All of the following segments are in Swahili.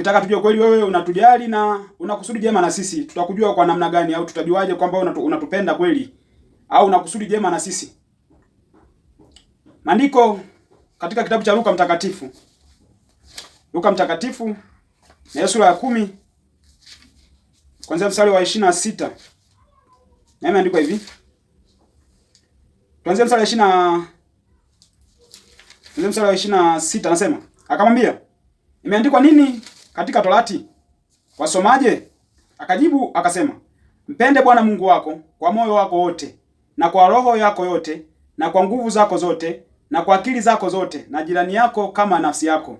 Ukitaka tujue kweli wewe unatujali na unakusudi jema na sisi, tutakujua kwa namna gani? Au tutajuaje kwamba unatu, unatupenda kweli au unakusudi jema na sisi? Maandiko katika kitabu cha Luka Mtakatifu, Luka Mtakatifu na sura ya kumi kuanzia mstari wa ishirini na sita na imeandikwa hivi, tuanzie mstari wa ishirini na tuanzie mstari wa ishirini na sita Anasema akamwambia, imeandikwa nini katika Torati wasomaje? Akajibu akasema, mpende Bwana Mungu wako kwa moyo wako wote na kwa roho yako yote na kwa nguvu zako zote na kwa akili zako zote na jirani yako kama nafsi yako.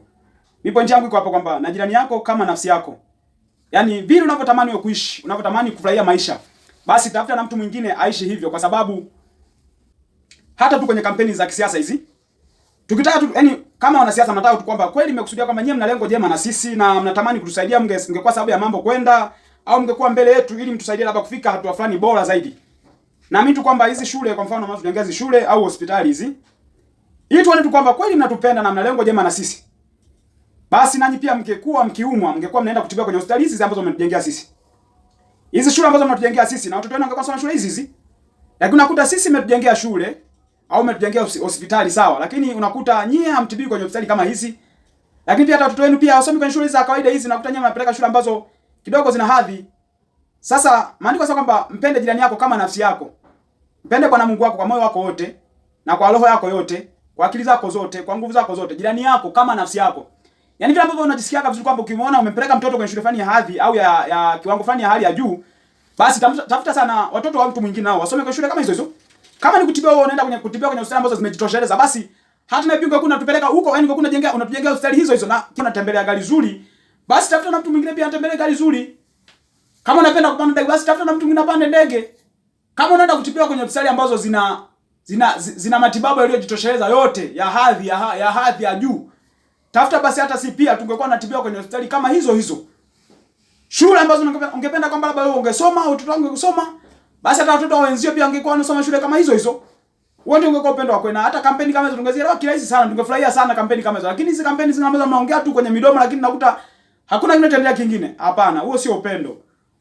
Miponti yangu iko hapo kwamba na jirani yako kama nafsi yako. Yaani vile unavyotamani kuishi, unavyotamani kufurahia maisha, basi tafuta na mtu mwingine aishi hivyo kwa sababu hata tu kwenye kampeni za kisiasa hizi tukitaka tu, yani kama wanasiasa mnataka tu kwamba kweli mmekusudia kwamba nyinyi mna lengo jema na sisi na mnatamani kutusaidia, mngekuwa sababu ya mambo kwenda au mngekuwa mbele yetu ili mtusaidie labda kufika hatua fulani bora zaidi. Naamini tu kwamba hizi shule kwa mfano ambazo tunaongea shule au hospitali hizi ili tuone tu kwamba kweli mnatupenda na mna lengo jema na sisi. Basi nanyi pia mngekuwa mkiumwa, mngekuwa mnaenda kutibiwa kwenye hospitali hizi ambazo mmetujengea sisi. Hizi shule ambazo mnatujengea sisi na watoto wenu wangekuwa sana shule hizi hizi. Lakini nakuta sisi mmetujengea shule au umetujengea hospitali sawa, lakini unakuta nyie hamtibii kwenye hospitali kama hizi. Lakini pia hata watoto wenu pia wasomi kwenye shule za kawaida hizi, nakuta nyie mnapeleka shule ambazo kidogo zina hadhi. Sasa maandiko sasa kwamba mpende jirani yako kama nafsi yako. Mpende Bwana Mungu wako kwa moyo wako wote na kwa roho yako yote, kwa akili zako zote, kwa nguvu zako zote, jirani yako kama nafsi yako. Yaani vile ambavyo unajisikia kabisa kwamba ukimwona umempeleka mtoto kwenye shule fulani ya hadhi au ya, ya kiwango fulani ya hali ya juu, basi tafuta sana watoto wa mtu mwingine nao wasome kwenye shule kama hizo hizo. Kama ni kutibia wewe unaenda kwenye kutibia kwenye hospitali ambazo zimejitosheleza basi hata na pingo kuna tupeleka huko yani kuna jengea unatujengea hospitali hizo hizo na kuna tembelea gari zuri. Basi tafuta na mtu mwingine pia atembelee gari zuri. Kama unapenda kupanda ndege basi tafuta na mtu mwingine apande ndege. Kama unaenda kutibia kwenye hospitali ambazo zina zina zina matibabu yaliyojitosheleza yote ya hadhi ya, ya hadhi ya juu. Tafuta basi hata si pia tungekuwa natibiwa kwenye hospitali kama hizo hizo. Shule ambazo ungependa kwamba labda wewe ungesoma au watoto wangu kusoma basi hata watoto wenzio pia wangekuwa wanasoma shule kama hizo hizo. Wewe ndio ungekuwa upendo wako na hata kampeni kama hizo tungezia leo kirahisi sana, tungefurahia sana kampeni kama hizo. Lakini hizi kampeni zinaanza mnaongea tu kwenye midomo, lakini nakuta hakuna kinachoendelea kingine. Hapana, huo sio upendo.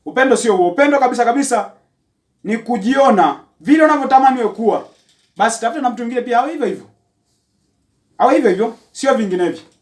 Upendo sio huo. Upendo kabisa kabisa ni kujiona vile unavyotamani wewe kuwa. Basi tafuta na mtu mwingine pia awe hivyo hivyo. Awe hivyo hivyo, sio vinginevyo.